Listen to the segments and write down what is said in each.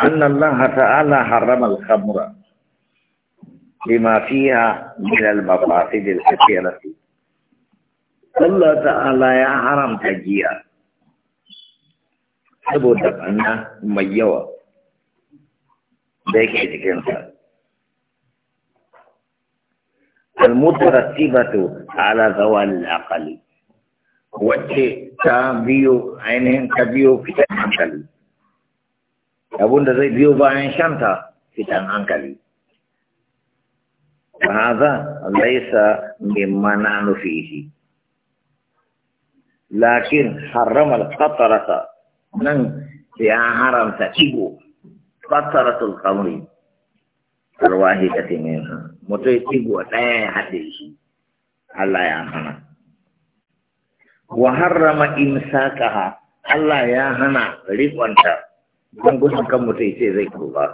أن الله تعالى حرم الخمر لما فيها من المفاسد الكثيرة الله تعالى يا حرم تجيئا saboda ɓanna mai yawa da yake cikinsa. Al-mutarattibatu ala zawal aqali wacce ta biyo ainihin ta biyo fitar hankali. abinda zai biyo bayan shan ta fitan hankali. Haza laisa mimma na nufi shi. Lakin haramar fattarata nan ya haramta igbo fattaratul kamri, karwahi ka temin ha, mutai ɗaya ya haɗe shi, Allah ya hana. Wa harrama imsaka ha, Allah ya hana rikonta. don gudun kan mutum ce zai kurba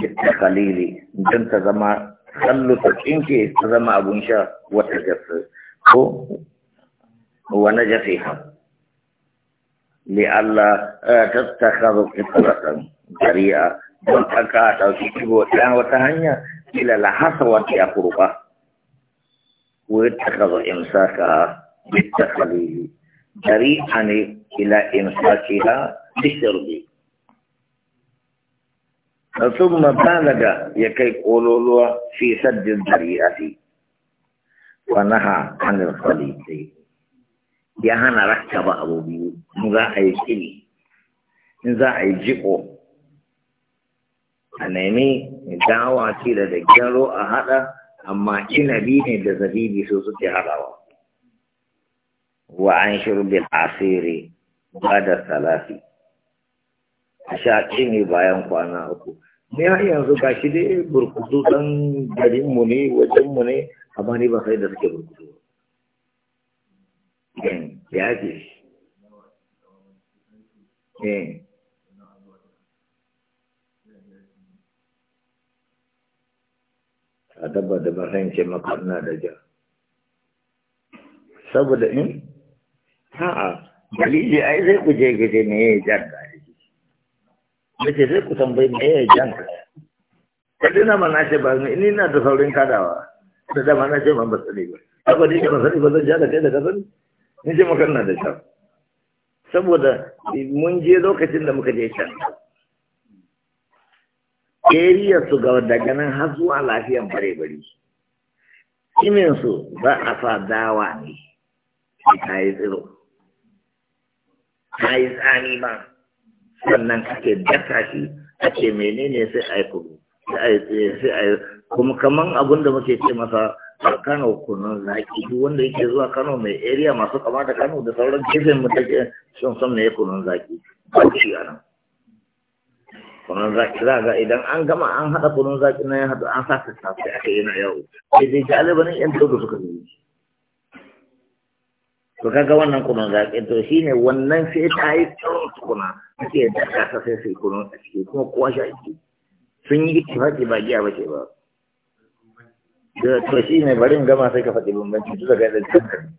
jitta kalili don ta zama kallo ta ta zama abun sha wata jasa ko wani jasa ha li'alla eh, ta takaru fitratan jari'a don aka ɗauki kibo ɗan wata hanya ila lahasa wata ya kurba wai takaru ka, jitta kalili jari'a ne ila imsakiha bisirbi na tsumma balaga ya kai kololuwa fi saddin tariyati wa naha kanin falitai ya hana rakka ba abu biyu za a yi kini in za a yi jiko a dawa ce da da gyaro a hada amma bi ne da zabibi su suke hadawa wa an shirbin asiri ba da salafi a shaƙi ne bayan kwana uku ne har yanzu ga shi dai burkutu ɗan garinmu ne wajenmu ne amma ni ba sai da suke burkutu ya ce shi eh. a dabba da bahain ce makarna da ja saboda in ha'a dalili ai zai ku je gide me ya jan gari mace zai ku tambayi me ya jan gari kaji na mana ce ba ni na da saurin kadawa da dama na ce ban ba sani ba haka dai ba sani ba zan ja da kai da kasan. ni ce maka na da can. saboda mun je lokacin da muka je shan area su ga daga nan har zuwa lafiyan bare bare kimin su za a sa dawa ne ta yi tsiro Na yi tsani ba sannan ake daka shi ake menene sai a yi kudu sai a yi kuma kaman abin da muke ce masa a kano kunun zaki duk wanda yake zuwa kano mai area masu kama da kano da sauran gefen mu take shin san ne kunun zaki ba shi a nan kunun zaki za ga idan an gama an haɗa kunun zaki na ya hadu, an sa ta tafi aka na yau. sai dai galibanin yan taudu suka zai to kaga wannan kunun zaƙi to shine wannan sai ta yi tsawon tukuna ake da kasa sai sai kunun a ciki kuma kowa sha ake sun yi faɗi ba giya bace ba to shine barin gama sai ka faɗi bambanci duk da gaɗin kan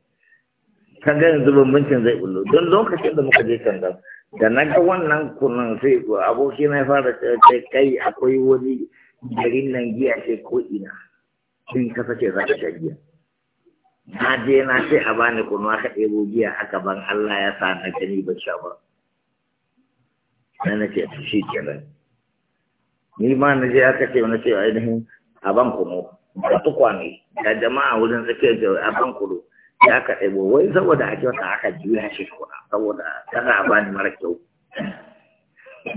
kan ga yanzu bambancin zai bullo don lokacin da muka je kan da na ga wannan kunun sai aboki na fara ce kai akwai wani garin nan giya sai ko ina sun ce za ka sha giya na je na sai a bani kunu aka ɗebo giya aka ban Allah ya sa na gani ba sha ba na na ce shi nan. ni ma na je aka ce na ce ainihin a ban kunu ba tukwane da jama'a wurin tsakiyar da a ban kunu ya ka ɗebo wai saboda a wata aka juya shi kuna saboda tana a bani mara kyau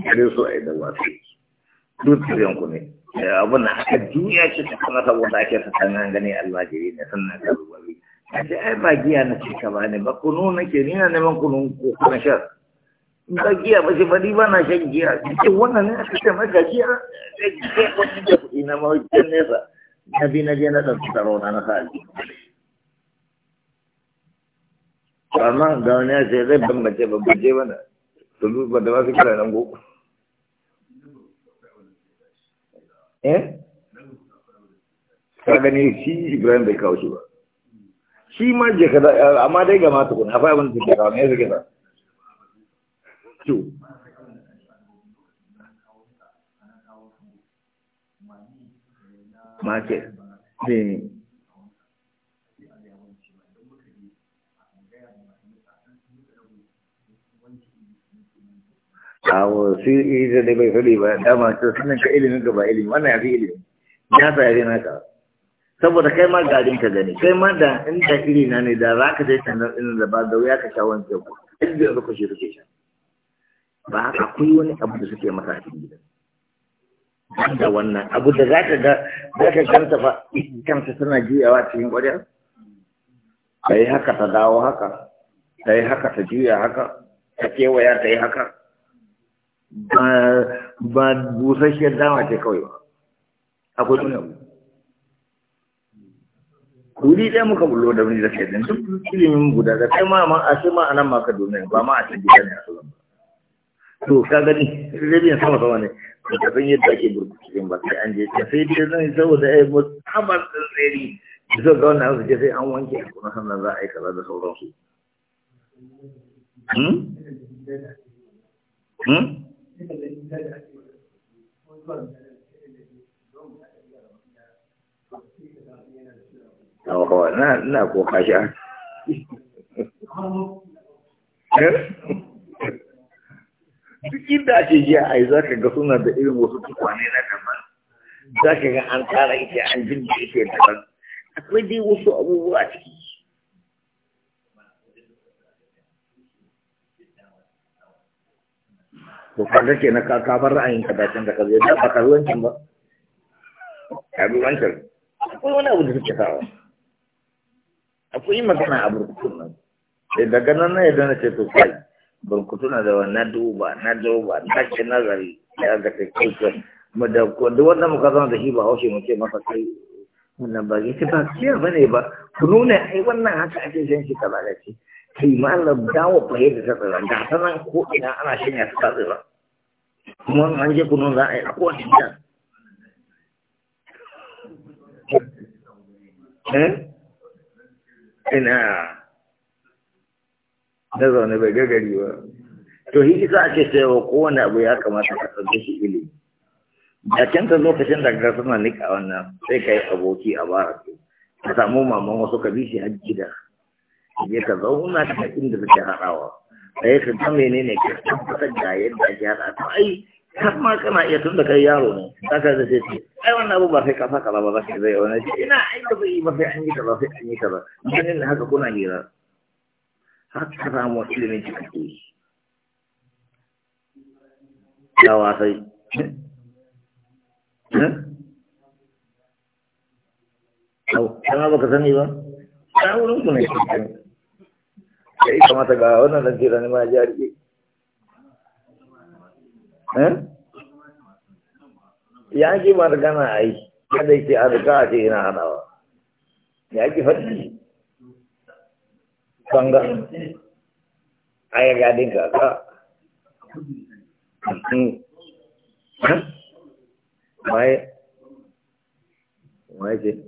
kare su a yi da wasu duk tsirin ku ne abin da aka juya shi kuna saboda ake tsakanin gani jiri ne sannan ka zuwa kaji ai ba giya na ce ba ne ba kunu na ke nina neman kunun ko kuma shan in ba giya ba ce ba ni ba na shan giya ce wannan ne aka ce maka giya da eh, giya wani da kuɗi na mawajen nesa na bi na je na ɗauki tsaro na na sa'ali amma ga wani ya ce zai bambance bambance mana tulu ba da ba su kira nan go eh ka gani shi ibrahim bai kawo shi ba shi ma je ka da amma dai ga mata kuna fa abin ke kawo ne suke da to ma ce ne awo shi ita da bai fadi ba dama to sunan ka ilimin ka ba ilimi wannan ya fi ilimi ya sa ya fi naka saboda kai ma garin ka gani kai ma da inda iri na ne da zaka ka ta sanar inda da ba da wuya ka sha wanke ku inda yanzu ku shi suke sha ba haka kuyi wani abu da suke masa a cikin gidan da wannan abu da za ka ga zaka ka ganta fa kanta tana juyawa cikin ƙwarya ta yi haka ta dawo haka ta yi haka ta juya haka ta kewaya ta yi haka ba busasshiyar dama ce kawai ba akwai wani abu wuri ɗaya muka bullo da wani da kai din duk ilimin guda da kai ma a sai ma anan ma ka domin ba ma a cikin gida ne a salon to ka gani rabin sama sama ne ko ka san yadda ake burkutu ba sai an je ka sai dai zan saboda ai eh, mu tabar da zo ga wannan su ce sai an wanke a kuma sannan za a yi kaza da sauransu Hmm? Hmm? Oh, na na ko kasha. Duk inda ake jiya a yi za ka ga suna da irin wasu tukwane na daban. Za ka ga an tsara ita an jin da ita daban. Akwai dai wasu abubuwa a ciki. Ko kaga ke na kafar ra'ayin ka dacin da ka zai da ba ka zuwancin ba. Ka bi Akwai wani abu da suke sawa. akwai magana a burkutun nan sai eh, daga nan na yadda na ce to kai burkutuna da na duba na duba na ce nazari ya ga kai kai mu da duk wanda muka zama da shi ba haushe mu ce masa kai wannan ba ita ba kiyar ba ne ba ku nuna ai wannan haka ake shan shi kaza da ce kai malam dawo ba yadda ta tsira da sanan ko ina ana shanya ta tsira kuma an je kunun za a yi akwai wani Eh? ina da zaune bai gagari ba to shi isa ake cewa kowane abu ya kamata ka tsarki shi ilimi da kenta lokacin da ka suna nika wannan sai ka yi aboki a bara su ka samu maman wasu ka bi shi a gida je ka zauna ka inda suke haɗawa yi ka ga menene ka tabbatar da yadda ake haɗa ai har ma kana iya tun da kai yaro ne za ka da ce ai wannan abu ba sai ka saka ba ba sai zai wani ce ina ai da bai ba sai an yi kaza sai an yi kaza mun ne haka kuna hira har ka samu ilimin yi. ya wasai hmm? Hmm? Au, kana ka sani ba? Ta wurin ku ne. Sai kamata ga wannan da jira ne ma jari. Eh? ya ji margana a yi kada ke a duka a ce ina hadawa ya ki faɗi banga a ya ka? kaka hmm. eh? waye waye ce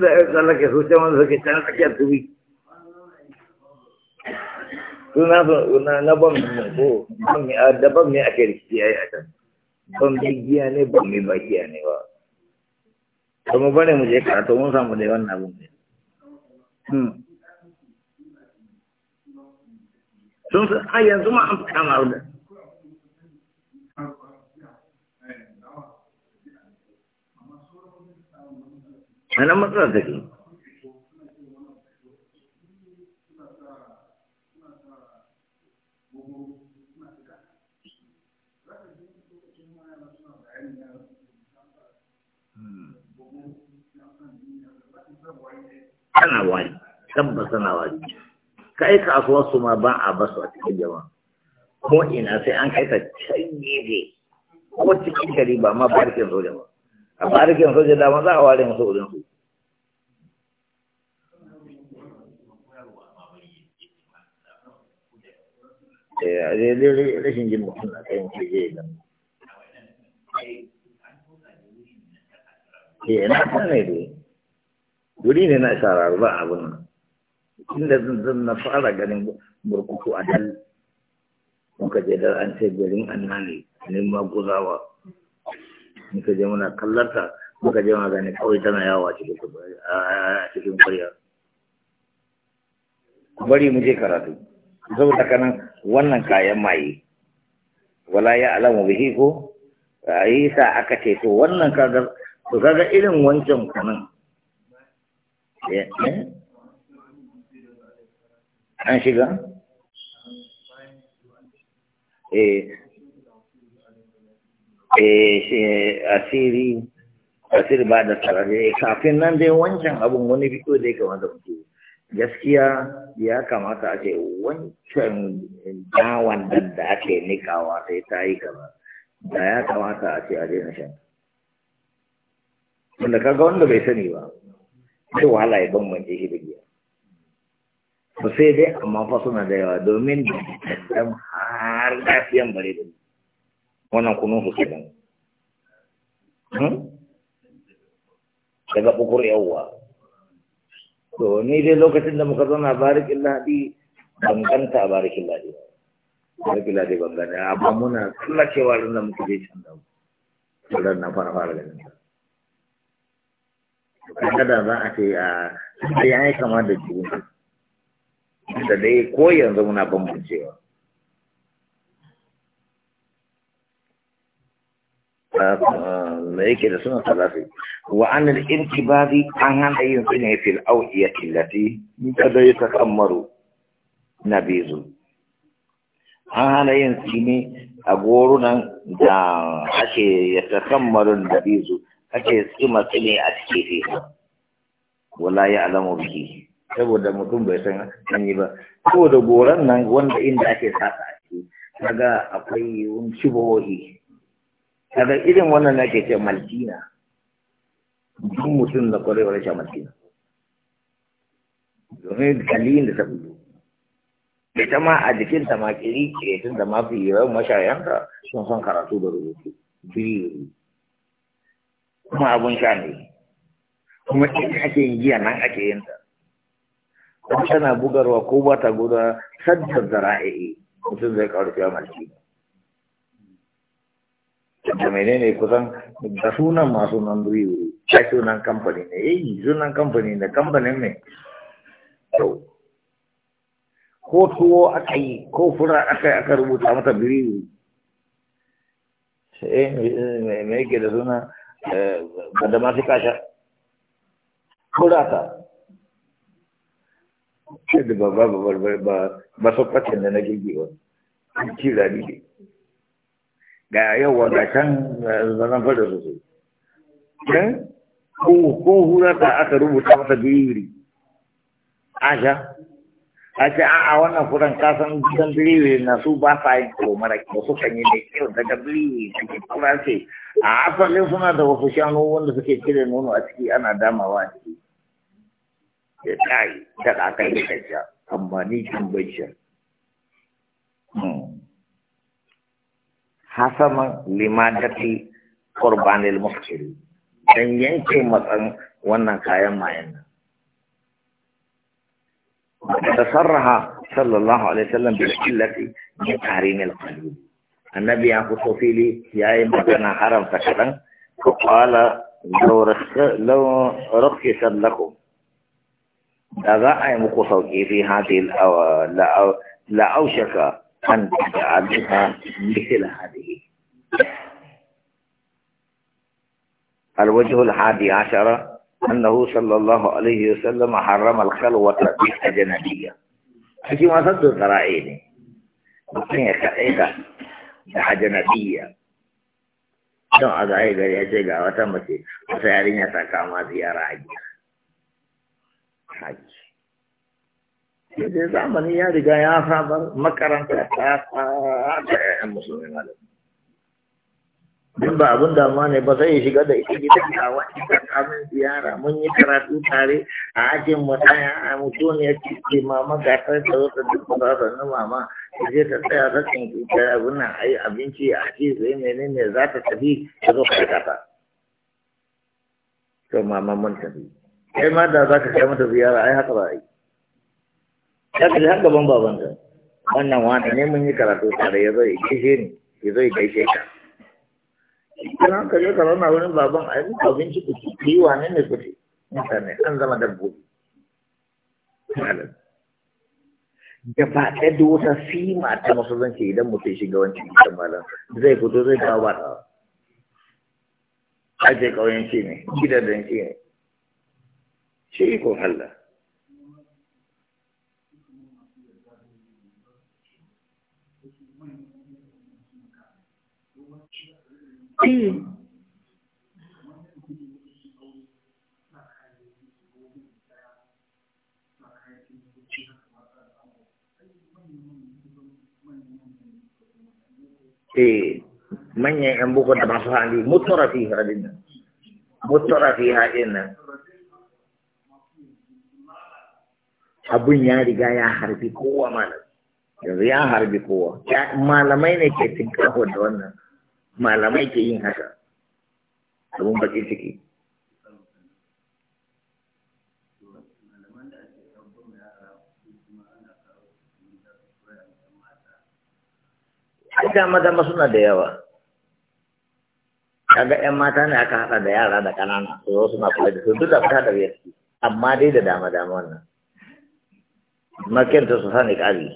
da ya tsallake su ce wanda suke can tsakiyar tubi suna na na ban mai ko ban mai ah, da ban mai ake ah, rikici yayi a can ban mai giya ne ban mai bakiya ne ba to mu bane mu je karatu mun samu da wannan abun ne sun san a yanzu ma an faɗa ma da nan ana wani tabbas ana wani kai kasuwar su ma ba a basu a cikin jama'a ko ina sai an kai ta can gefe ko cikin gari ba ma barikin soja ba a barikin soja dama za a ware masu wurin su eh, rashin jin mutum na kai mutum je da ke na kan ne dai guri ne na sharar ba abin nan inda zan na fara ganin burkuku a dal muka je da an ce garin annani neman guzawa muka je muna kallarta muka je muna gane kawai tana yawo a cikin kwarya bari mu je karatu saboda kanan wannan kayan maye wala ya alamu bihi ko a yi sa aka ce to wannan kaga to kaga irin wancan kanan Eh, eh? an shiga? Eh. asiri asiri ba da sarari kafin nan dai wancan abin wani fito da ya kamata mutu gaskiya ya kamata a ce wancan dawan da ake nikawa sai ta yi gaba da ya kamata a ce a daina shan wanda kaga wanda bai sani ba sai wahala ya bambance shi da giya to sai dai amma fa suna da yawa domin dan har lafiyan bare da wannan kunun su kenan hmm? daga bukur yawwa to ni dai lokacin da muka zauna barikin lahadi ban ganta a barikin lahadi ba barikin lahadi ban ganta amma muna tsallacewa da muke je can da ranar fara fara ganin ta kaga da za a ce a ah, da ya yi kama da juna da dai ko yanzu muna bambancewa da ah, yake da suna talafi wa an al'irki ba zai an hana yin su ne fil ni killati kada ya ta kammaru na bezu an hana yin su a gorunan da ake ya ta kammarin da bezu kake tsima ne a cikin shi wala ya alamu biki saboda mutum bai san an ba saboda goran nan wanda inda ake sata a ciki kaga akwai wani shibohi kaga irin wannan nake ce maltina duk mutum da wani sha maltina domin kalilin da ta bulo ita ma a jikin ta ma kiri kiretun da mafi yawan mashayanta sun san karatu da rubutu biyu kuma abun sha ne kuma ita ake yin giya nan ake yin ta kuma tana bugarwa ko ba ta guda saddar da ra'ayi mutum zai kawo fiye malci da ne kusan da sunan masu nan biyu ya sunan kamfani ne eh sunan kamfani ne kamfanin ne to ko tuwo aka yi ko fura aka yi aka rubuta mata biriyu sai eh, me yake da suna da ma fi kurata ce da ba ba ba ba da na ga yawa ga can zanen fada sosai ko hura ta aka rubuta masa biyiri a ce a wannan furan kasan gidan na su ba sa yin kuro mara kyau su kan yi mai kyau daga biriwi da ke kura ce a asalin suna da wasu shanu wanda suke kiran nono a ciki ana damawa a ciki da tsari da kakar da kajiya amma kan hmm. hasaman limadati qurbanil muskiri dan yanke matsan wannan kayan mayan nan تصرح صلى الله عليه وسلم بالقلة من تحريم القليل النبي يقول في لي يا إما كان حرم فكرا فقال لو رخ لو رخص لكم أضاء مقصوكي في هذه الأو... لا لا أوشك أن تجعلها مثل هذه الوجه الحادي عشر أنه صلى الله عليه وسلم حرم الخلوة في الجنادية حكي ما صدت ترعيني بطنية كأيدة الجنادية لا أدعي قال يا جيجا وتمتي وسيارين يتكام هذه يا راجع حاج إذا زمن يا رجاء يا خبر مكرن تأسف المسلمين عليهم duk ba abin damuwa ne ba zai shiga da ita gidan a wani kamun ziyara mun yi karatu tare a ajin mu ɗaya a mutum ya ce mama ga ta ta zo ta duk ba sannu mama ta je ta tsaya ta tsinki ta abin nan a yi abinci a ce sai ne za ta tafi ta zo ka ta to mama mun tafi kai ma da za ka kai mata ziyara ai haka ba a yi ta haka ban ban babanta wannan wani ne mun yi karatu tare ya zo ya gaishe ni ya zo ya gaishe ka kana ka je ka zauna wurin baban a yi abinci ku ci yi wane ne ku ci mutane an zama dabbobi gaba ɗaya da wata sima ta zance idan mutum shiga wancan gidan malam zai fito zai kawo ba ta aje ƙauyen shi ne gidan shi ne shi ko Allah Eh, eh manyan 'yan boko da masu hali mutura fi nan. Mutura fi nan. Abun ya riga ya harbi kowa malam. Yanzu ya harbi kowa. Malamai ne ke cin da wannan. malamai ke yin haka abun baki ciki Aida maza suna da yawa. Kaga ‘yan mata ne aka haɗa da yara da ƙanana, su zo suna kula da su duk da fita da biyar amma dai da dama-dama wannan. Makenta su sani ƙari.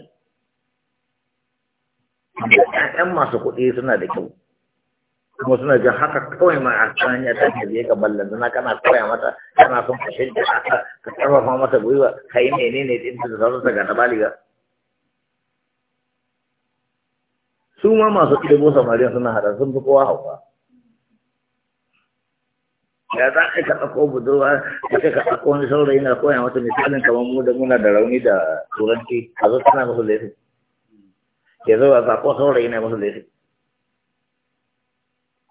‘Yan masu kuɗi suna da kyau. kuma suna ga haka kawai ma a ya ta ta ka balla zana kana koya mata kana son ka shirya haka ka karfafa mata gwiwa ka yi mene ne din da sauran ta gada baliga su ma masu ɗebo samariya suna hada sun fi kowa hauka ya za ka ɗauko budurwa ce ka ɗauko wani saurayi na koya mata misalin kamar mu da muna da rauni da turanci a zo tana musu laifin ya zo a zaɓo saurayi na musu laifin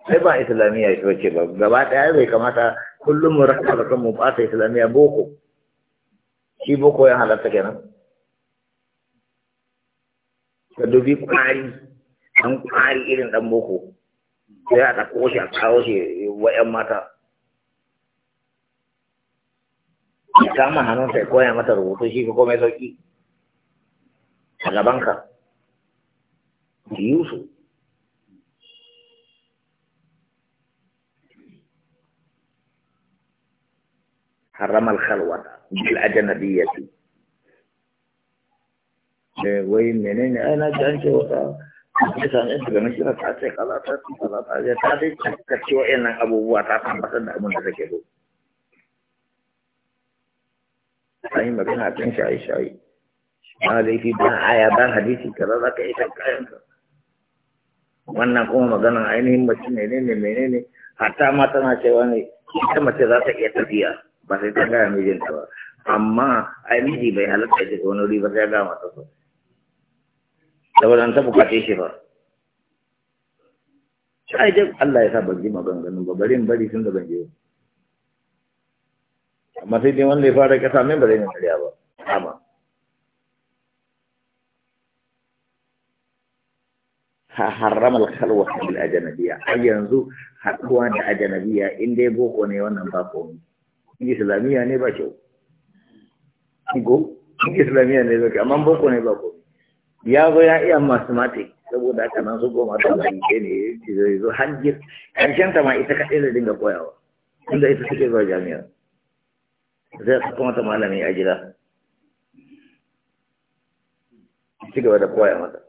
sai ba islamiyya ita wace ba gaba ɗaya bai kamata kullum mu rasa da kanmu ba ta islamiyya boko shi boko ya halatta kenan ka dubi kwari an kwari irin dan boko sai a ɗauko shi a kawo shi wa ‘yan mata ya kama hannun ya koya mata rubutu shi ko mai sauki a gabanka yusuf حرم الخلوة بالأجنبية wai menene ai na ji an ce wata kisan ɗin daga nashira ta ce kaza ta ce kaza ta ce ta dai kakkaci wa'annan abubuwa ta tabbatar da abin da take so an yi magana kan shaye-shaye ba laifi ba aya ba hadisi kaza za ka yi kan kayanka wannan kuma maganan ainihin mace ne ne menene hatta ma tana cewa ne ita mace za ta iya tafiya ba sai ta gaya mijinta ba amma ai miji bai halatta ya shiga wuri ba sai ya gama ta so saboda an ta bukace shi ba sai Allah ya sa ban ba bari bari da ban je amma sai dai wanda ya fara kasa min na ba amma haram al bil ajnabiyya ai yanzu haɗuwa da ajnabiyya in dai boko ne wannan ba komai islamiyya ne ba kyau go islamiyya ne ba kyau amma boko ne ba ko ya zo ya iya mathematics saboda haka nan su goma ta bayyane ne zai zo hajjir karshen ta ma ita kaɗai da dinga koyawa inda ita suke zuwa jami'a zai saka mata malami a gida ci gaba da koya mata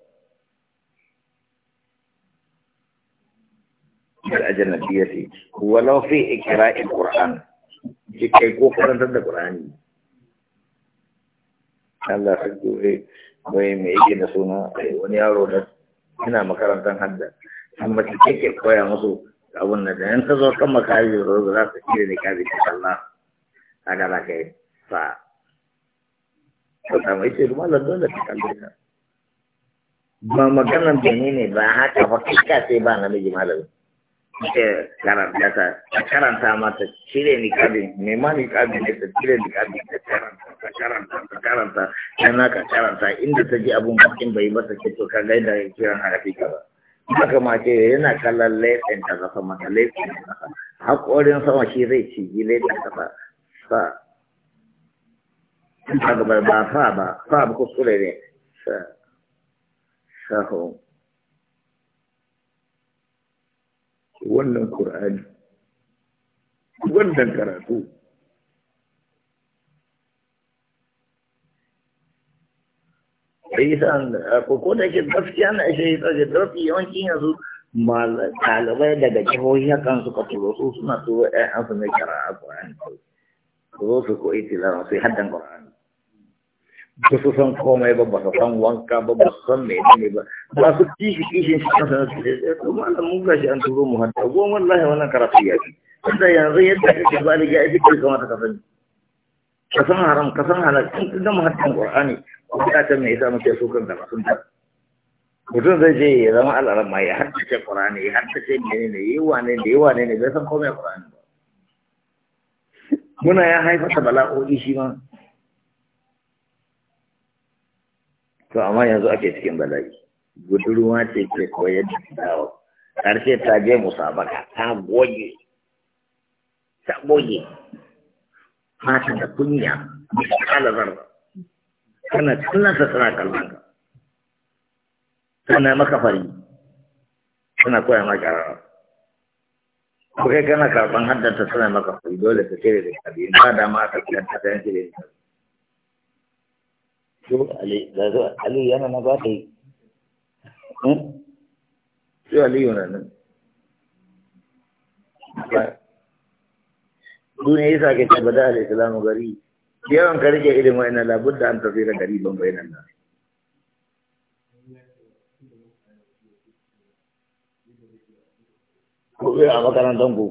kar a jannati ya ce walau fi ikra'il qur'an ki kai ko karantar da Qur'ani Allah ya gobe bai mai yake da suna eh, wani yaro da ina makarantar hadda amma ki kike koya musu abun nan da yan ta zo kan makari da zo za su kire ne kabi ta Allah a gaba kai fa to ta mai ce kuma lallan da kan ba maganan da ne ba haka fa kika sai ba namiji malami ke karanta ta karanta mata cire ni kabi me ma ni kabi ne ta cire ni kabi ta karanta ta karanta ta karanta ta na ka karanta inda ta ji abun bakin bai masa ke ka gaida ya kiran harafi ka ba haka ma ce yana kallon laifin ta zafa mata laifin ta zafa haƙorin sama shi zai cigi laifin ta ba sa ba ba ba fa ba kuskure ne sa sa wannan Qur'ani wannan karatu Isan ko da ke gaskiya na shi ta da rafi yawancin yanzu ɗalibai daga jihohi hakan suka turo su suna turo ɗayan su mai kara a Qur'ani ko su koyi tilawa su yi haddan Qur'ani ba su san komai ba ba su san wanka ba ba su san mai ne ba ba su kishi kishin shi kan sanar da ya kuma malam mun gashi an turo mu hatta goma wallahi wannan karatu ya fi wanda yanzu yadda kake baliga ya fi kamata ka sani ka san haram ka san halal in ka gama hatta qur'ani ko ka ta mai isa muke so kan da sun ta mutum zai je ya zama al'adar ma ya haddace qur'ani ya haddace mene ne yi wane ne yi wane ne bai san komai qur'ani ba muna ya haifar da bala'o'i shi ma to amma yanzu ake cikin bala'i budurwa ce ke koyar da dawo ce ta je musabaka ta goge ta goge mata da kunya da kala kana tana ta tana kallon ka tana maka fari tana koya maka rawa ko kai kana karban haddata tana maka fari dole ka cire da kabi ba da ma ka kiyar ta yanke da to ali da zo ali yana na ba ta ¿Eh? yi to ali yana nan duniya yasa ke tabbata al-islamu gari yawan karke irin wa'annan da an tafira gari ban bayanan nan gobe a makarantar ku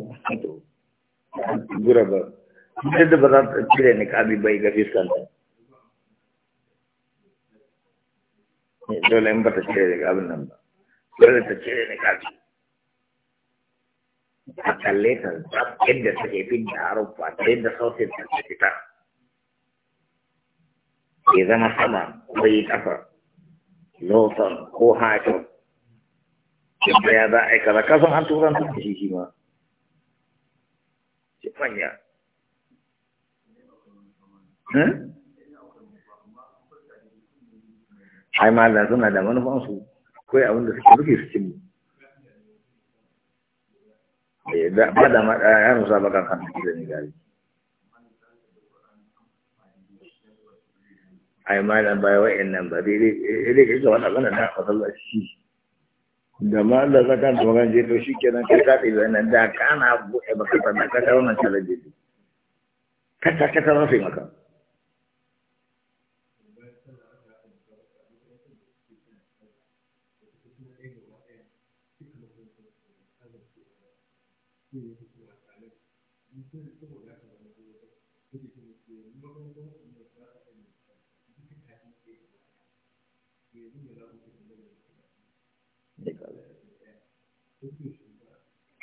gura ba duk da ba za ta cire ni kabi bai ga fiskanta dole in ba ta cire daga abin nan ba dole ta cire da kafi a kalle ta yadda ta ke fi da harufa ta yadda sautin ta ke fita ke zama sama ko yi kafa losan ko hakin yadda ya za a yi kaza kasan an turan tun da shi shi ma shi fanya ai malam suna da manufansu kawai abin da suke rufe su cimmu eh, ba da ya nusa baka kan da ni gari ai malam bai wa'in nan ba dai dai kai ga wannan da na fasalla shi da ma da zaka da magan je to shikenan kai ka tsaye wannan da kana buɗe baka da ka wannan challenge ka ta ka ta rufe maka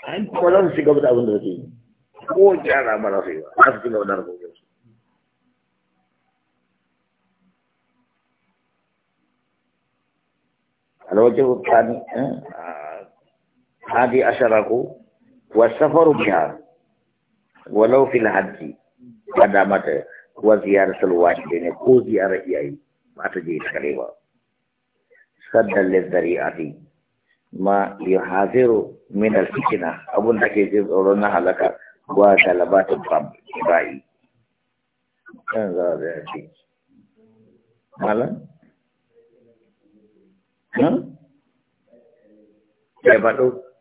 an kuma أنا su ci أنا da abin أنا suke هذه أشرك والسفر بها ولو في الحج قدامت وزيارة الواجبين كو زيارة إياه ما تجيش كريبا سد للذريعة ma yuhaziru min al-fitna abun da ke jin tsoron na halaka wa talabatul bai kan za da yake malam ha ya ba bado